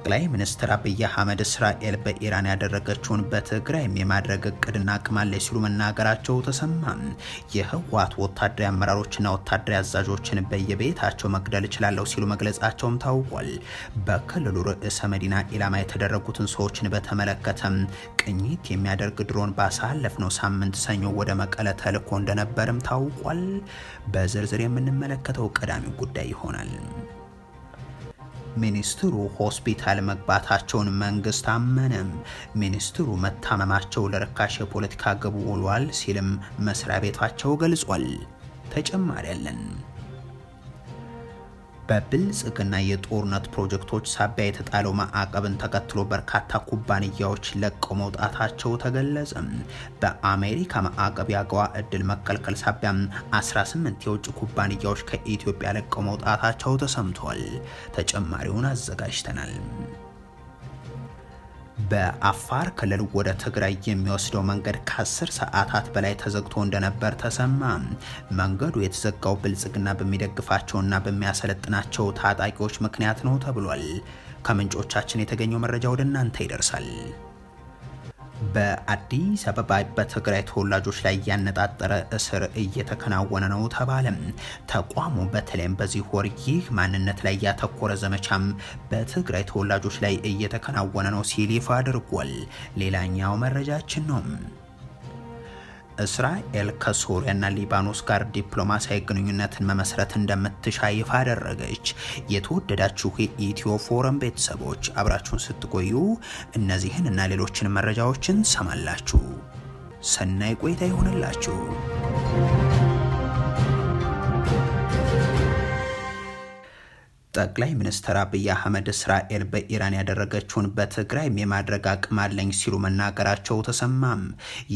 ጠቅላይ ሚኒስትር አብይ አህመድ እስራኤል በኢራን ያደረገችውን በትግራይም የማድረግ እቅድና አቅም ሲሉ መናገራቸው ተሰማ። የህወሓት ወታደራዊ አመራሮችና ወታደራዊ አዛዦችን በየቤታቸው መግደል እችላለሁ ሲሉ መግለጻቸውም ታውቋል። በክልሉ ርዕሰ መዲና ኢላማ የተደረጉትን ሰዎችን በተመለከተም ቅኝት የሚያደርግ ድሮን ባሳለፍነው ሳምንት ሰኞ ወደ መቀለ ተልኮ እንደነበርም ታውቋል። በዝርዝር የምንመለከተው ቀዳሚ ጉዳይ ይሆናል። ሚኒስትሩ ሆስፒታል መግባታቸውን መንግስት አመነም። ሚኒስትሩ መታመማቸው ለርካሽ የፖለቲካ ግብ ውሏል ሲልም መስሪያ ቤታቸው ገልጿል። ተጨማሪ ያለን በብልጽግና የጦርነት ፕሮጀክቶች ሳቢያ የተጣለው ማዕቀብን ተከትሎ በርካታ ኩባንያዎች ለቀው መውጣታቸው ተገለጸ። በአሜሪካ ማዕቀብ የአገዋ እድል መከልከል ሳቢያ 18 የውጭ ኩባንያዎች ከኢትዮጵያ ለቀው መውጣታቸው ተሰምቷል። ተጨማሪውን አዘጋጅተናል። በአፋር ክልል ወደ ትግራይ የሚወስደው መንገድ ከ10 ሰዓታት በላይ ተዘግቶ እንደነበር ተሰማ። መንገዱ የተዘጋው ብልጽግና በሚደግፋቸውና በሚያሰለጥናቸው ታጣቂዎች ምክንያት ነው ተብሏል። ከምንጮቻችን የተገኘው መረጃ ወደ እናንተ ይደርሳል። በአዲስ አበባ በትግራይ ተወላጆች ላይ ያነጣጠረ እስር እየተከናወነ ነው ተባለም። ተቋሙ በተለይም በዚህ ወር ይህ ማንነት ላይ ያተኮረ ዘመቻም በትግራይ ተወላጆች ላይ እየተከናወነ ነው ሲል ይፋ አድርጓል። ሌላኛው መረጃችን ነው። እስራኤል ከሶሪያና ሊባኖስ ጋር ዲፕሎማሲያዊ ግንኙነትን መመስረት እንደምትሻ ይፋ አደረገች። የተወደዳችሁ የኢትዮ ፎረም ቤተሰቦች አብራችሁን ስትቆዩ እነዚህን እና ሌሎችን መረጃዎችን ሰማላችሁ። ሰናይ ቆይታ ይሆንላችሁ። ጠቅላይ ሚኒስትር አብይ አህመድ እስራኤል በኢራን ያደረገችውን በትግራይም የማድረግ አቅም አለኝ ሲሉ መናገራቸው ተሰማም።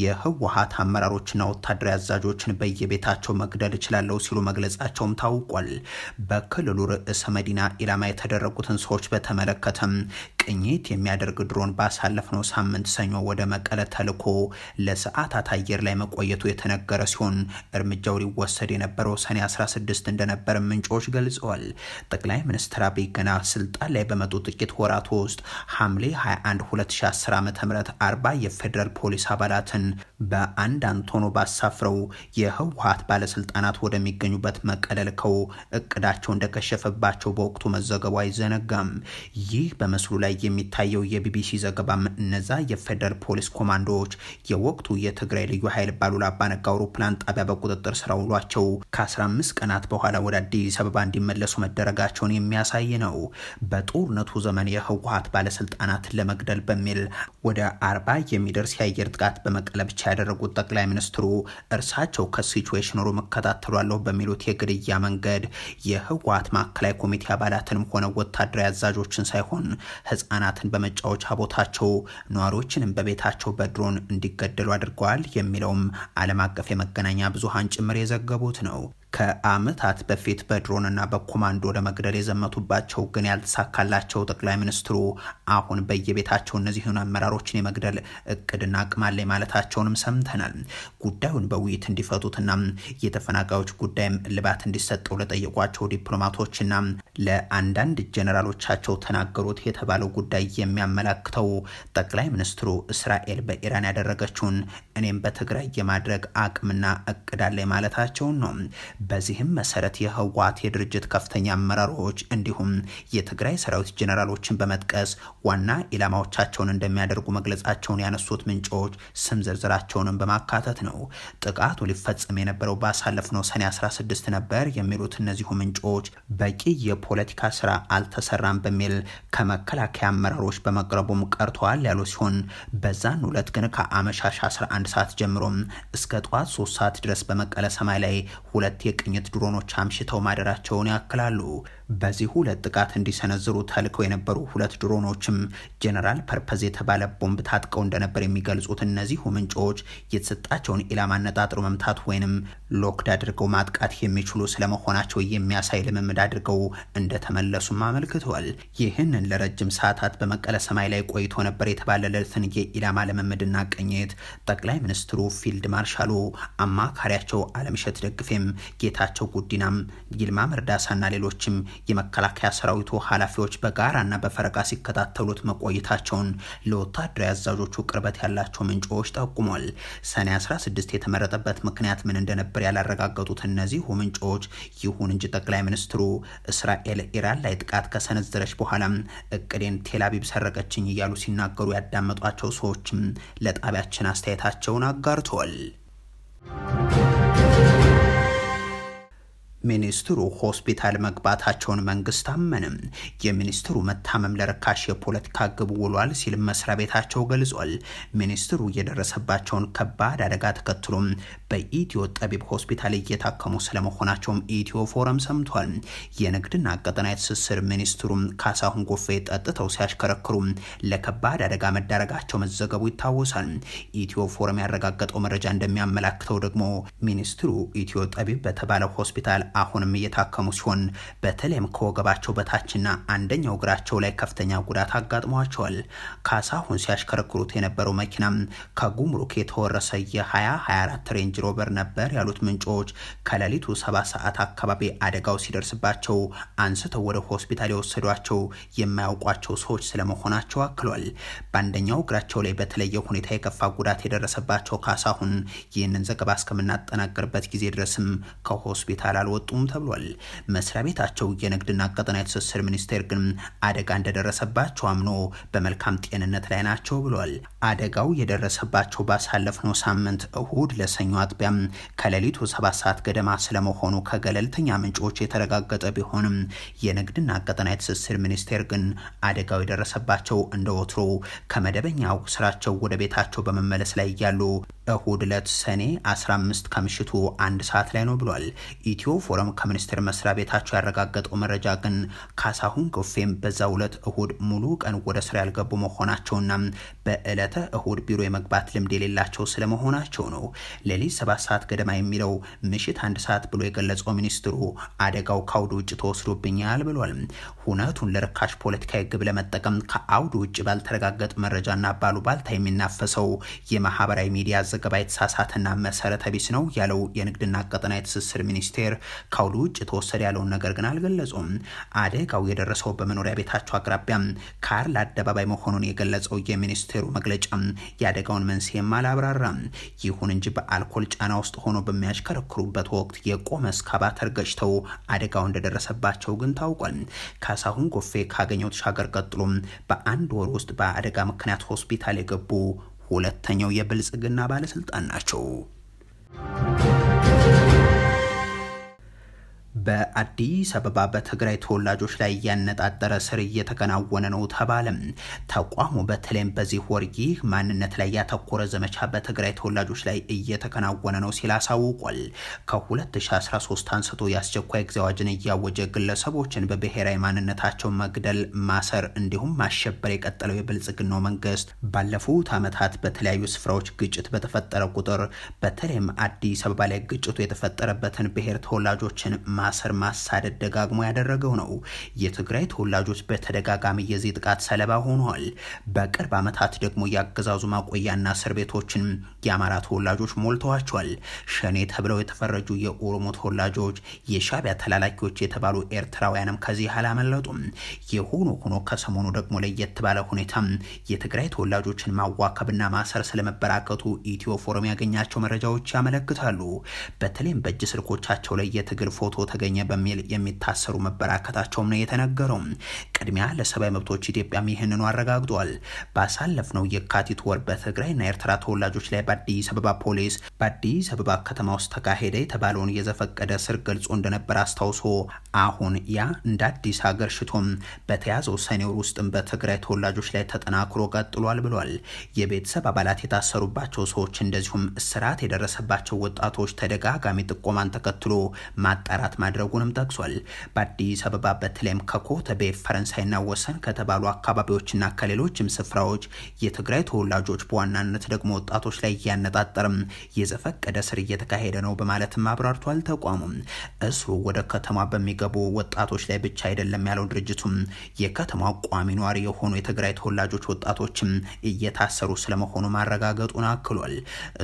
የህወሀት አመራሮችና ወታደራዊ አዛዦችን በየቤታቸው መግደል እችላለሁ ሲሉ መግለጻቸውም ታውቋል። በክልሉ ርዕሰ መዲና ኢላማ የተደረጉትን ሰዎች በተመለከተም ቅኝት የሚያደርግ ድሮን ባሳለፍነው ሳምንት ሰኞ ወደ መቀለ ተልኮ ለሰዓታት አየር ላይ መቆየቱ የተነገረ ሲሆን እርምጃው ሊወሰድ የነበረው ሰኔ 16 እንደነበር ምንጮች ገልጸዋል። ጠቅላይ ሚኒስትር አብይ ገና ስልጣን ላይ በመጡ ጥቂት ወራት ውስጥ ሐምሌ 21 2010 ዓ ም አርባ የፌዴራል ፖሊስ አባላትን በአንድ አንቶኖ ባሳፍረው የህወሀት ባለስልጣናት ወደሚገኙበት መቀለልከው እቅዳቸው እንደከሸፈባቸው በወቅቱ መዘገቡ አይዘነጋም። ይህ በምስሉ ላይ የሚታየው የቢቢሲ ዘገባም እነዛ የፌዴራል ፖሊስ ኮማንዶዎች የወቅቱ የትግራይ ልዩ ኃይል ባሉላ አባነጋ አውሮፕላን ጣቢያ በቁጥጥር ስራ ከ15 ቀናት በኋላ ወደ አዲስ አበባ እንዲመለሱ መደረጋቸውን የሚያሳይ ነው። በጦርነቱ ዘመን የህወሀት ባለስልጣናት ለመግደል በሚል ወደ አርባ የሚደርስ የአየር ጥቃት በመቀለ ብቻ ያደረጉት ጠቅላይ ሚኒስትሩ እርሳቸው ከሲቹዌሽን ሩም እከታተሏለሁ በሚሉት የግድያ መንገድ የህወሀት ማዕከላዊ ኮሚቴ አባላትንም ሆነ ወታደራዊ አዛዦችን ሳይሆን ህጻናትን በመጫወቻ ቦታቸው ነዋሪዎችንም በቤታቸው በድሮን እንዲገደሉ አድርገዋል የሚለውም ዓለም አቀፍ የመገናኛ ብዙሃን ጭምር የዘገቡት ነው። ከአመታት በፊት በድሮንና በኮማንዶ ለመግደል የዘመቱባቸው ግን ያልተሳካላቸው ጠቅላይ ሚኒስትሩ አሁን በየቤታቸው እነዚህን አመራሮችን የመግደል እቅድና አቅም አለ ማለታቸውንም ሰምተናል። ጉዳዩን በውይይት እንዲፈቱትና የተፈናቃዮች ጉዳይም እልባት እንዲሰጠው ለጠየቋቸው ዲፕሎማቶችና ለአንዳንድ ጀኔራሎቻቸው ተናገሩት የተባለው ጉዳይ የሚያመላክተው ጠቅላይ ሚኒስትሩ እስራኤል በኢራን ያደረገችውን እኔም በትግራይ የማድረግ አቅምና እቅድ አለ ማለታቸውን ነው። በዚህም መሰረት የህወሓት የድርጅት ከፍተኛ አመራሮች እንዲሁም የትግራይ ሰራዊት ጀነራሎችን በመጥቀስ ዋና ኢላማዎቻቸውን እንደሚያደርጉ መግለጻቸውን ያነሱት ምንጮች ስም ዝርዝራቸውንም በማካተት ነው። ጥቃቱ ሊፈጸም የነበረው ባሳለፍነው ሰኔ 16 ነበር የሚሉት እነዚሁ ምንጮች በቂ የፖለቲካ ስራ አልተሰራም በሚል ከመከላከያ አመራሮች በመቅረቡም ቀርተዋል ያሉ ሲሆን በዛን ሁለት ግን ከአመሻሽ 11 ሰዓት ጀምሮም እስከ ጠዋት 3 ሰዓት ድረስ በመቀለ ሰማይ ላይ ሁለት የቅኝት ድሮኖች አምሽተው ማደራቸውን ያክላሉ። በዚህ ሁለት ጥቃት እንዲሰነዝሩ ተልከው የነበሩ ሁለት ድሮኖችም ጀነራል ፐርፐዝ የተባለ ቦምብ ታጥቀው እንደነበር የሚገልጹት እነዚሁ ምንጮች የተሰጣቸውን ኢላማ አነጣጥሮ መምታት ወይንም ሎክድ አድርገው ማጥቃት የሚችሉ ስለመሆናቸው የሚያሳይ ልምምድ አድርገው እንደተመለሱም አመልክተዋል። ይህንን ለረጅም ሰዓታት በመቀለ ሰማይ ላይ ቆይቶ ነበር የተባለለትን የኢላማ ልምምድና ቅኝት ጠቅላይ ሚኒስትሩ ፊልድ ማርሻሉ አማካሪያቸው አለምሸት ደግፌም፣ ጌታቸው ጉዲናም፣ ይልማ መርዳሳና ሌሎችም የመከላከያ ሰራዊቱ ኃላፊዎች በጋራና በፈረቃ ሲከታተሉት መቆየታቸውን ለወታደራዊ አዛዦቹ ቅርበት ያላቸው ምንጮች ጠቁሟል። ሰኔ 16 የተመረጠበት ምክንያት ምን እንደነበር ያላረጋገጡት እነዚሁ ምንጮች፣ ይሁን እንጂ ጠቅላይ ሚኒስትሩ እስራኤል ኢራን ላይ ጥቃት ከሰነዘረች በኋላም እቅዴን ቴላቢብ ሰረቀችኝ እያሉ ሲናገሩ ያዳመጧቸው ሰዎችም ለጣቢያችን አስተያየታቸውን አጋርተዋል። ሚኒስትሩ ሆስፒታል መግባታቸውን መንግስት አመንም። የሚኒስትሩ መታመም ለርካሽ የፖለቲካ ግብ ውሏል ሲል መስሪያ ቤታቸው ገልጿል። ሚኒስትሩ የደረሰባቸውን ከባድ አደጋ ተከትሎም በኢትዮ ጠቢብ ሆስፒታል እየታከሙ ስለመሆናቸውም ኢትዮ ፎረም ሰምቷል። የንግድና ቀጠናዊ ትስስር ሚኒስትሩም ካሳሁን ጎፌ ጠጥተው ሲያሽከረክሩ ለከባድ አደጋ መዳረጋቸው መዘገቡ ይታወሳል። ኢትዮ ፎረም ያረጋገጠው መረጃ እንደሚያመላክተው ደግሞ ሚኒስትሩ ኢትዮ ጠቢብ በተባለ ሆስፒታል አሁንም እየታከሙ ሲሆን በተለይም ከወገባቸው በታችና አንደኛው እግራቸው ላይ ከፍተኛ ጉዳት አጋጥሟቸዋል። ካሳሁን ሲያሽከረክሩት የነበረው መኪናም ከጉምሩክ የተወረሰ የ2024 ሬንጅ ሮቨር ነበር ያሉት ምንጮች ከሌሊቱ ሰባት ሰዓት አካባቢ አደጋው ሲደርስባቸው አንስተው ወደ ሆስፒታል የወሰዷቸው የማያውቋቸው ሰዎች ስለመሆናቸው አክሏል። በአንደኛው እግራቸው ላይ በተለየ ሁኔታ የከፋ ጉዳት የደረሰባቸው ካሳሁን ይህንን ዘገባ እስከምናጠናቅርበት ጊዜ ድረስም ከሆስፒታል አልወጡ አልወጡም ተብሏል። መስሪያ ቤታቸው የንግድና ቀጠና ትስስር ሚኒስቴር ግን አደጋ እንደደረሰባቸው አምኖ በመልካም ጤንነት ላይ ናቸው ብሏል። አደጋው የደረሰባቸው ባሳለፍነው ሳምንት እሁድ ለሰኞ አጥቢያም ከሌሊቱ ሰባት ሰዓት ገደማ ስለመሆኑ ከገለልተኛ ምንጮች የተረጋገጠ ቢሆንም የንግድና ቀጠና የትስስር ሚኒስቴር ግን አደጋው የደረሰባቸው እንደ ወትሮ ከመደበኛው ስራቸው ወደ ቤታቸው በመመለስ ላይ እያሉ እሁድ ዕለት ሰኔ 15 ከምሽቱ አንድ ሰዓት ላይ ነው ብሏል። ኢትዮ ፎረም ከሚኒስትር መስሪያ ቤታቸው ያረጋገጠው መረጃ ግን ካሳሁን ጎፌም በዛው ዕለት እሁድ ሙሉ ቀን ወደ ስራ ያልገቡ መሆናቸውና በዕለተ እሁድ ቢሮ የመግባት ልምድ የሌላቸው ስለመሆናቸው ነው። ሌሊት ሰባት ሰዓት ገደማ የሚለው ምሽት አንድ ሰዓት ብሎ የገለጸው ሚኒስትሩ አደጋው ከአውድ ውጭ ተወስዶብኛል ብሏል። ሁነቱን ለርካሽ ፖለቲካዊ ግብ ለመጠቀም ከአውድ ውጭ ባልተረጋገጥ መረጃና ባሉባልታ የሚናፈሰው የማህበራዊ ሚዲያ ዘገባ የተሳሳተና መሰረተ ቢስ ነው ያለው የንግድና ቀጠናዊ ትስስር ሚኒስቴር ከአውድ ውጭ ተወሰደ ያለውን ነገር ግን አልገለጹም። አደጋው የደረሰው በመኖሪያ ቤታቸው አቅራቢያ ካርል አደባባይ መሆኑን የገለጸው የሚኒስትር ሚኒስቴሩ መግለጫ የአደጋውን መንስኤም አላብራራም። ይሁን እንጂ በአልኮል ጫና ውስጥ ሆኖ በሚያሽከረክሩበት ወቅት የቆመ እስካባተር ገጭተው አደጋው እንደደረሰባቸው ግን ታውቋል። ካሳሁን ጎፌ ካገኘው ተሻገር ቀጥሎ በአንድ ወር ውስጥ በአደጋ ምክንያት ሆስፒታል የገቡ ሁለተኛው የብልጽግና ባለስልጣን ናቸው። በአዲስ አበባ በትግራይ ተወላጆች ላይ ያነጣጠረ ስር እየተከናወነ ነው ተባለም። ተቋሙ በተለይም በዚህ ወር ይህ ማንነት ላይ ያተኮረ ዘመቻ በትግራይ ተወላጆች ላይ እየተከናወነ ነው ሲል አሳውቋል። ከ2013 አንስቶ የአስቸኳይ ጊዜ አዋጅን እያወጀ ግለሰቦችን በብሔራዊ ማንነታቸው መግደል፣ ማሰር እንዲሁም ማሸበር የቀጠለው የብልጽግናው መንግስት ባለፉት ዓመታት በተለያዩ ስፍራዎች ግጭት በተፈጠረ ቁጥር በተለይም አዲስ አበባ ላይ ግጭቱ የተፈጠረበትን ብሔር ተወላጆችን ማ ማሰር፣ ማሳደድ ደጋግሞ ያደረገው ነው። የትግራይ ተወላጆች በተደጋጋሚ የዚህ ጥቃት ሰለባ ሆኗል። በቅርብ ዓመታት ደግሞ የአገዛዙ ማቆያና እስር ቤቶችን የአማራ ተወላጆች ሞልተዋቸዋል። ሸኔ ተብለው የተፈረጁ የኦሮሞ ተወላጆች፣ የሻቢያ ተላላኪዎች የተባሉ ኤርትራውያንም ከዚህ አላመለጡም። የሆኖ ሆኖ ከሰሞኑ ደግሞ ለየት ባለ ሁኔታ የትግራይ ተወላጆችን ማዋከብና ማሰር ስለመበራከቱ ኢትዮ ፎረም ያገኛቸው መረጃዎች ያመለክታሉ። በተለይም በእጅ ስልኮቻቸው ላይ የትግል ፎቶ ተገኘ በሚል የሚታሰሩ መበራከታቸውም ነው የተነገረው። ቅድሚያ ለሰብአዊ መብቶች ኢትዮጵያም ይህንኑ አረጋግጧል። ባሳለፍነው የካቲት ወር በትግራይና ኤርትራ ተወላጆች ላይ በአዲስ አበባ ፖሊስ በአዲስ አበባ ከተማ ውስጥ ተካሄደ የተባለውን የዘፈቀደ ስር ገልጾ እንደነበር አስታውሶ አሁን ያ እንደ አዲስ ሀገር ሽቶም በተያዘው ሰኔ ወር ውስጥም በትግራይ ተወላጆች ላይ ተጠናክሮ ቀጥሏል ብሏል። የቤተሰብ አባላት የታሰሩባቸው ሰዎች እንደዚሁም እስራት የደረሰባቸው ወጣቶች ተደጋጋሚ ጥቆማን ተከትሎ ማጣራት ማ ማድረጉንም ጠቅሷል። በአዲስ አበባ በተለይም ከኮተቤ ፈረንሳይና ወሰን ከተባሉ አካባቢዎችና ከሌሎችም ስፍራዎች የትግራይ ተወላጆች በዋናነት ደግሞ ወጣቶች ላይ እያነጣጠርም የዘፈቀደ ስር እየተካሄደ ነው በማለትም አብራርቷል። ተቋሙም እስሩ ወደ ከተማ በሚገቡ ወጣቶች ላይ ብቻ አይደለም ያለው ድርጅቱም የከተማ ቋሚ ነዋሪ የሆኑ የትግራይ ተወላጆች ወጣቶችም እየታሰሩ ስለመሆኑ ማረጋገጡን አክሏል።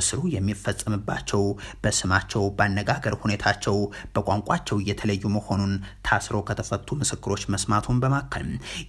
እስሩ የሚፈጸምባቸው በስማቸው፣ በአነጋገር ሁኔታቸው፣ በቋንቋቸው ከቤተሰቦቻቸው እየተለዩ መሆኑን ታስረው ከተፈቱ ምስክሮች መስማቱን በማከል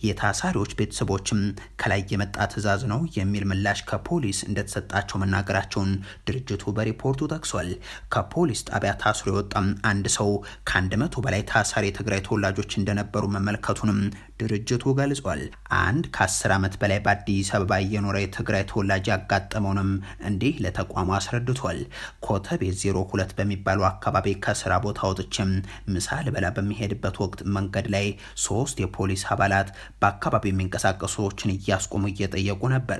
የታሳሪዎች ቤተሰቦችም ከላይ የመጣ ትዕዛዝ ነው የሚል ምላሽ ከፖሊስ እንደተሰጣቸው መናገራቸውን ድርጅቱ በሪፖርቱ ጠቅሷል። ከፖሊስ ጣቢያ ታስሮ የወጣም አንድ ሰው ከአንድ መቶ በላይ ታሳሪ የትግራይ ተወላጆች እንደነበሩ መመልከቱንም ድርጅቱ ገልጿል። አንድ ከአስር ዓመት በላይ በአዲስ አበባ እየኖረ የትግራይ ተወላጅ ያጋጠመውንም እንዲህ ለተቋሙ አስረድቷል። ኮተቤ 02 በሚባለው አካባቢ ከስራ ቦታ ወጥቼም ምሳ ልበላ በሚሄድበት ወቅት መንገድ ላይ ሶስት የፖሊስ አባላት በአካባቢው የሚንቀሳቀሱ ሰዎችን እያስቆሙ እየጠየቁ ነበር።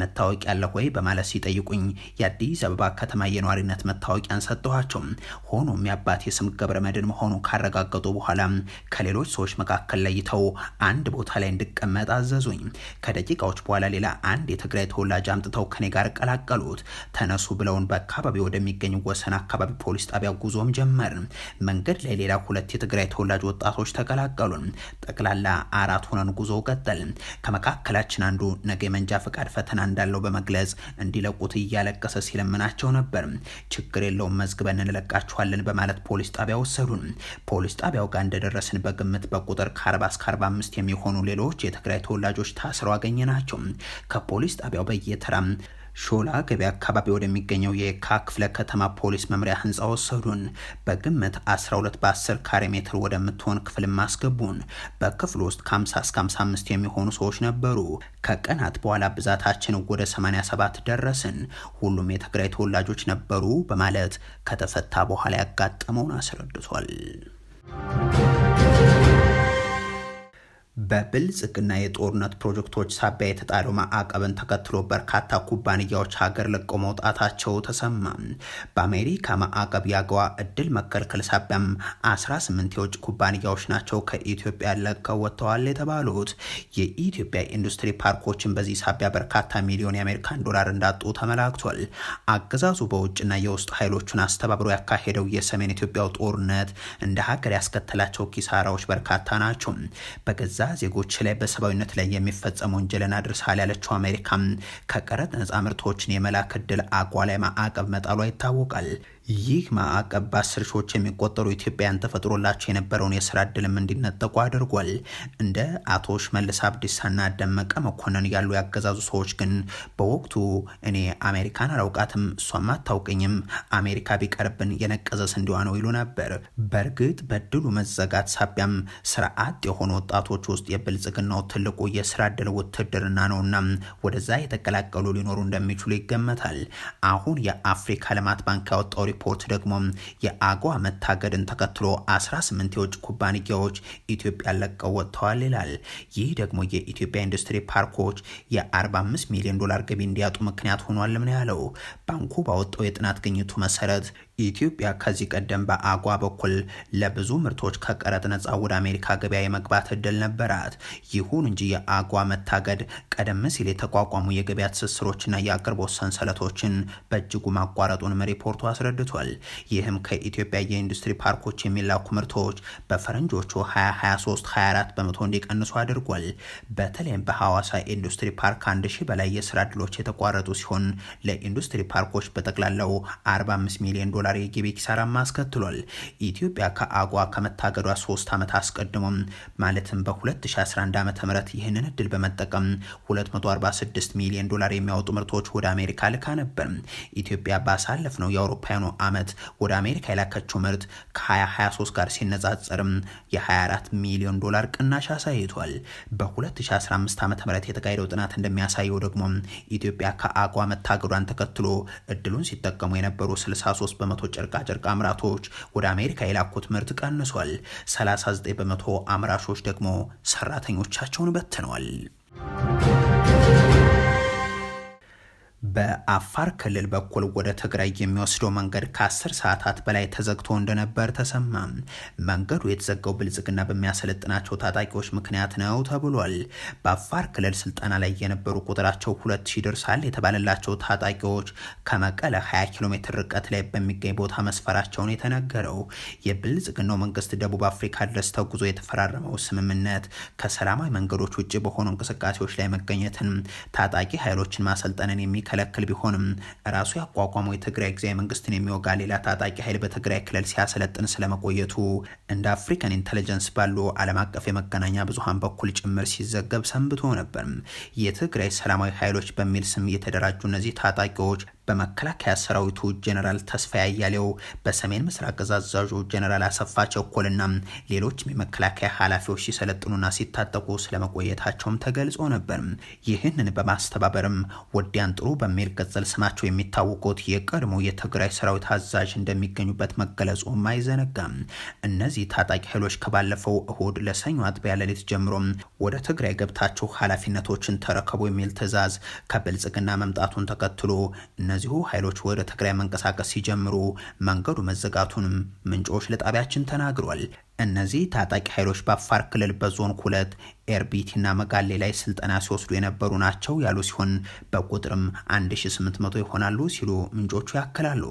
መታወቂያ አለ ወይ በማለት ሲጠይቁኝ የአዲስ አበባ ከተማ የነዋሪነት መታወቂያን ሰጠኋቸው። ሆኖም ያባት የስም ገብረ መድን መሆኑ ካረጋገጡ በኋላ ከሌሎች ሰዎች መካከል ለይተው አንድ ቦታ ላይ እንድቀመጥ አዘዙኝ። ከደቂቃዎች በኋላ ሌላ አንድ የትግራይ ተወላጅ አምጥተው ከኔ ጋር ቀላቀሉት። ተነሱ ብለውን በአካባቢ ወደሚገኝ ወሰን አካባቢ ፖሊስ ጣቢያ ጉዞም ጀመር። መንገድ ላይ ላይ ሌላ ሁለት የትግራይ ተወላጅ ወጣቶች ተቀላቀሉን። ጠቅላላ አራት ሆነን ጉዞ ቀጠል ከመካከላችን አንዱ ነገ የመንጃ ፈቃድ ፈተና እንዳለው በመግለጽ እንዲለቁት እያለቀሰ ሲለምናቸው ነበር። ችግር የለውም መዝግበን እንለቃችኋለን በማለት ፖሊስ ጣቢያ ወሰዱን። ፖሊስ ጣቢያው ጋር እንደደረስን በግምት በቁጥር ከ40 እስከ 45 የሚሆኑ ሌሎች የትግራይ ተወላጆች ታስረው አገኘ ናቸው። ከፖሊስ ጣቢያው በየተራ ሾላ ገበያ አካባቢ ወደሚገኘው የካ ክፍለ ከተማ ፖሊስ መምሪያ ህንፃ ወሰዱን። በግምት 12 በ10 ካሬ ሜትር ወደምትሆን ክፍል ማስገቡን። በክፍሉ ውስጥ ከ50 እስከ 55 የሚሆኑ ሰዎች ነበሩ። ከቀናት በኋላ ብዛታችን ወደ 87 ደረስን። ሁሉም የትግራይ ተወላጆች ነበሩ በማለት ከተፈታ በኋላ ያጋጠመውን አስረድቷል። በብልጽግና የጦርነት ፕሮጀክቶች ሳቢያ የተጣለው ማዕቀብን ተከትሎ በርካታ ኩባንያዎች ሀገር ለቀው መውጣታቸው ተሰማ። በአሜሪካ ማዕቀብ የአገዋ እድል መከልከል ሳቢያም 18 የውጭ ኩባንያዎች ናቸው ከኢትዮጵያ ለቀው ወጥተዋል የተባሉት። የኢትዮጵያ ኢንዱስትሪ ፓርኮችን በዚህ ሳቢያ በርካታ ሚሊዮን የአሜሪካን ዶላር እንዳጡ ተመላክቷል። አገዛዙ በውጭና የውስጥ ኃይሎቹን አስተባብሮ ያካሄደው የሰሜን ኢትዮጵያው ጦርነት እንደ ሀገር ያስከተላቸው ኪሳራዎች በርካታ ናቸው። በገዛ ዜጎች ላይ በሰብአዊነት ላይ የሚፈጸም ወንጀልን አድርሳል ያለችው አሜሪካ ከቀረጥ ነጻ ምርቶችን የመላክ ዕድል አቋ ላይ ማዕቀብ መጣሏ ይታወቃል። ይህ ማዕቀብ በአስር ሺዎች የሚቆጠሩ ኢትዮጵያውያን ተፈጥሮላቸው የነበረውን የስራ እድልም እንዲነጠቁ አድርጓል። እንደ አቶ ሽመልስ አብዲሳና ደመቀ መኮንን ያሉ ያገዛዙ ሰዎች ግን በወቅቱ እኔ አሜሪካን አላውቃትም፣ እሷም አታውቅኝም፣ አሜሪካ ቢቀርብን የነቀዘ ስንዴዋ ነው ይሉ ነበር። በእርግጥ በድሉ መዘጋት ሳቢያም ስርዓት የሆኑ ወጣቶች ውስጥ የብልጽግናው ትልቁ የስራ እድል ውትድርና ነውና ወደዛ የተቀላቀሉ ሊኖሩ እንደሚችሉ ይገመታል። አሁን የአፍሪካ ልማት ባንክ ያወጣው ሪፖርት ደግሞ የአጓ መታገድን ተከትሎ 18 የውጭ ኩባንያዎች ኢትዮጵያ ለቀው ወጥተዋል ይላል። ይህ ደግሞ የኢትዮጵያ ኢንዱስትሪ ፓርኮች የ45 ሚሊዮን ዶላር ገቢ እንዲያጡ ምክንያት ሆኗል። ምን ያለው ባንኩ ባወጣው የጥናት ግኝቱ መሰረት ኢትዮጵያ ከዚህ ቀደም በአጓ በኩል ለብዙ ምርቶች ከቀረጥ ነፃ ወደ አሜሪካ ገበያ የመግባት እድል ነበራት። ይሁን እንጂ የአጓ መታገድ ቀደም ሲል የተቋቋሙ የገበያ ትስስሮችና የአቅርቦት ሰንሰለቶችን በእጅጉ ማቋረጡንም ሪፖርቱ አስረድቷል። ይህም ከኢትዮጵያ የኢንዱስትሪ ፓርኮች የሚላኩ ምርቶች በፈረንጆቹ 2023 24 በመቶ እንዲቀንሱ አድርጓል። በተለይም በሐዋሳ ኢንዱስትሪ ፓርክ 1000 ሺህ በላይ የስራ እድሎች የተቋረጡ ሲሆን ለኢንዱስትሪ ፓርኮች በጠቅላላው 45 ሚሊዮን ዶላር የገቢ ኪሳራም አስከትሏል። ኢትዮጵያ ከአጓ ከመታገዷ ሶስት ዓመት አስቀድሞም ማለትም በ2011 ዓ ም ይህንን እድል በመጠቀም 246 ሚሊዮን ዶላር የሚያወጡ ምርቶች ወደ አሜሪካ ልካ ነበር። ኢትዮጵያ ባሳለፍነው የአውሮፓውያኑ ዓመት ወደ አሜሪካ የላከችው ምርት ከ2023 ጋር ሲነጻጸርም የ24 ሚሊዮን ዶላር ቅናሽ አሳይቷል። በ2015 ዓ ም የተካሄደው ጥናት እንደሚያሳየው ደግሞ ኢትዮጵያ ከአጓ መታገዷን ተከትሎ እድሉን ሲጠቀሙ የነበሩ 63 በመቶ ጨርቃ አምራቶች ወደ አሜሪካ የላኩት ምርት ቀንሷል። 39 በመቶ አምራቾች ደግሞ ሰራተኞቻቸውን በትነዋል። በአፋር ክልል በኩል ወደ ትግራይ የሚወስደው መንገድ ከአስር ሰዓታት በላይ ተዘግቶ እንደነበር ተሰማ። መንገዱ የተዘጋው ብልጽግና በሚያሰለጥናቸው ታጣቂዎች ምክንያት ነው ተብሏል። በአፋር ክልል ስልጠና ላይ የነበሩ ቁጥራቸው ሁለት ሺ የተባለላቸው ታጣቂዎች ከመቀለ 20 ኪሎ ሜትር ርቀት ላይ በሚገኝ ቦታ መስፈራቸውን የተነገረው የብልጽግናው መንግስት ደቡብ አፍሪካ ድረስ ተጉዞ የተፈራረመው ስምምነት ከሰላማዊ መንገዶች ውጭ በሆኑ እንቅስቃሴዎች ላይ መገኘትን ታጣቂ ኃይሎችን ማሰልጠንን የሚከ የሚከለክል ቢሆንም ራሱ ያቋቋመው የትግራይ ጊዜያዊ መንግስትን የሚወጋ ሌላ ታጣቂ ኃይል በትግራይ ክልል ሲያሰለጥን ስለመቆየቱ እንደ አፍሪካን ኢንተለጀንስ ባሉ ዓለም አቀፍ የመገናኛ ብዙሀን በኩል ጭምር ሲዘገብ ሰንብቶ ነበር። የትግራይ ሰላማዊ ኃይሎች በሚል ስም የተደራጁ እነዚህ ታጣቂዎች በመከላከያ ሰራዊቱ ጀነራል ተስፋዬ አያሌው፣ በሰሜን ምስራቅ እዝ አዛዡ ጀነራል አሰፋ ቸኮልና ሌሎችም የመከላከያ ኃላፊዎች ሲሰለጥኑና ሲታጠቁ ስለመቆየታቸውም ተገልጾ ነበር። ይህንን በማስተባበርም ወዲያን ጥሩ በሚል ቅጽል ስማቸው የሚታወቁት የቀድሞ የትግራይ ሰራዊት አዛዥ እንደሚገኙበት መገለጹም አይዘነጋም። እነዚህ ታጣቂ ኃይሎች ከባለፈው እሁድ ለሰኞ አጥቢያ ሌሊት ጀምሮ ወደ ትግራይ ገብታቸው ኃላፊነቶችን ተረከቡ የሚል ትዕዛዝ ከብልጽግና መምጣቱን ተከትሎ እነዚሁ ኃይሎች ወደ ትግራይ መንቀሳቀስ ሲጀምሩ መንገዱ መዘጋቱንም ምንጮች ለጣቢያችን ተናግሯል። እነዚህ ታጣቂ ኃይሎች በአፋር ክልል በዞን ሁለት ኤርቢቲና መጋሌ ላይ ስልጠና ሲወስዱ የነበሩ ናቸው ያሉ ሲሆን በቁጥርም 1800 ይሆናሉ ሲሉ ምንጮቹ ያክላሉ።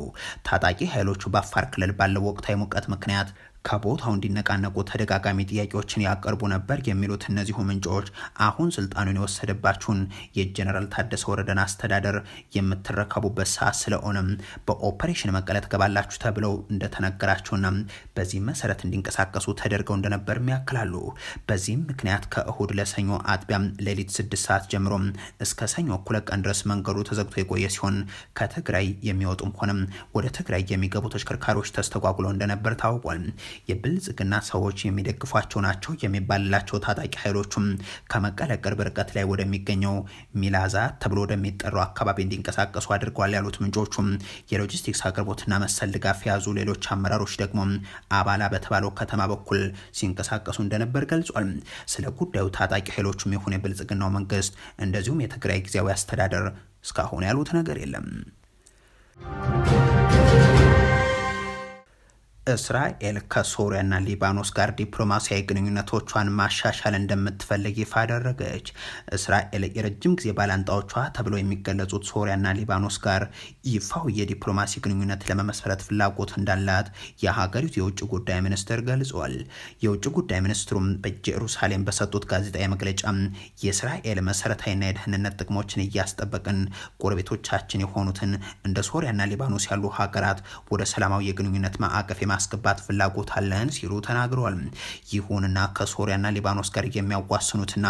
ታጣቂ ኃይሎቹ በአፋር ክልል ባለው ወቅታዊ ሙቀት ምክንያት ከቦታው እንዲነቃነቁ ተደጋጋሚ ጥያቄዎችን ያቀርቡ ነበር የሚሉት እነዚሁ ምንጮች አሁን ስልጣኑን የወሰደባችሁን የጀነራል ታደሰ ወረደን አስተዳደር የምትረከቡበት ሰዓት ስለሆነም በኦፐሬሽን መቀለ ትገባላችሁ ተብለው እንደተነገራቸውና በዚህ መሰረት እንዲንቀሳቀሱ ተደርገው እንደነበር ያክላሉ። በዚህም ምክንያት ከእሁድ ለሰኞ አጥቢያም ሌሊት ስድስት ሰዓት ጀምሮ እስከ ሰኞ እኩለ ቀን ድረስ መንገዱ ተዘግቶ የቆየ ሲሆን ከትግራይ የሚወጡም ሆነም ወደ ትግራይ የሚገቡ ተሽከርካሪዎች ተስተጓጉለው እንደነበር ታውቋል። የብልጽግና ሰዎች የሚደግፏቸው ናቸው የሚባልላቸው ታጣቂ ኃይሎቹም ከመቀለ ቅርብ ርቀት ላይ ወደሚገኘው ሚላዛ ተብሎ ወደሚጠራው አካባቢ እንዲንቀሳቀሱ አድርገዋል ያሉት ምንጮቹም የሎጂስቲክስ አቅርቦትና መሰል ድጋፍ የያዙ ሌሎች አመራሮች ደግሞ አባላ በተባለው ከተማ በኩል ሲንቀሳቀሱ እንደነበር ገልጿል። ስለ ጉዳዩ ታጣቂ ኃይሎቹም የሆነ የብልጽግናው መንግስት እንደዚሁም የትግራይ ጊዜያዊ አስተዳደር እስካሁን ያሉት ነገር የለም። እስራኤል ከሶሪያና ሊባኖስ ጋር ዲፕሎማሲያዊ ግንኙነቶቿን ማሻሻል እንደምትፈልግ ይፋ አደረገች። እስራኤል የረጅም ጊዜ ባላንጣዎቿ ተብለው የሚገለጹት ሶሪያና ሊባኖስ ጋር ይፋው የዲፕሎማሲ ግንኙነት ለመመስረት ፍላጎት እንዳላት የሀገሪቱ የውጭ ጉዳይ ሚኒስትር ገልጿል። የውጭ ጉዳይ ሚኒስትሩም በኢየሩሳሌም በሰጡት ጋዜጣዊ መግለጫ የእስራኤል መሰረታዊና የደህንነት ጥቅሞችን እያስጠበቅን ጎረቤቶቻችን የሆኑትን እንደ ሶሪያና ሊባኖስ ያሉ ሀገራት ወደ ሰላማዊ የግንኙነት ማዕቀፍ የማስገባት ፍላጎት አለን ሲሉ ተናግረዋል። ይሁንና ከሶሪያና ሊባኖስ ጋር የሚያዋስኑትና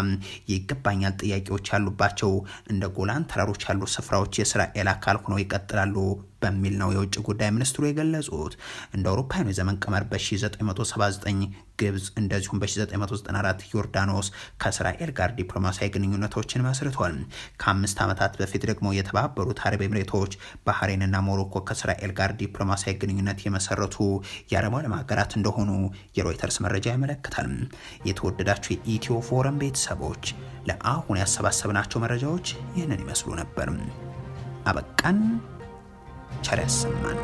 ይገባኛል ጥያቄዎች ያሉባቸው እንደ ጎላን ተራሮች ያሉ ስፍራዎች የእስራኤል አካል ሆነው ይቀጥላሉ በሚል ነው የውጭ ጉዳይ ሚኒስትሩ የገለጹት። እንደ አውሮፓውያኑ የዘመን ቀመር በ1979 ግብጽ እንደዚሁም በ1994 ዮርዳኖስ ከእስራኤል ጋር ዲፕሎማሲያዊ ግንኙነቶችን መስርቷል። ከአምስት ዓመታት በፊት ደግሞ የተባበሩት አረብ ኤምሬቶች፣ ባህሬንና ሞሮኮ ከእስራኤል ጋር ዲፕሎማሲያዊ ግንኙነት የመሰረቱ የአረብ ዓለም ሀገራት እንደሆኑ የሮይተርስ መረጃ ያመለክታል። የተወደዳቸው የኢትዮ ፎረም ቤተሰቦች ለአሁን ያሰባሰብናቸው መረጃዎች ይህንን ይመስሉ ነበር። አበቃን። ቸር ያሰማን።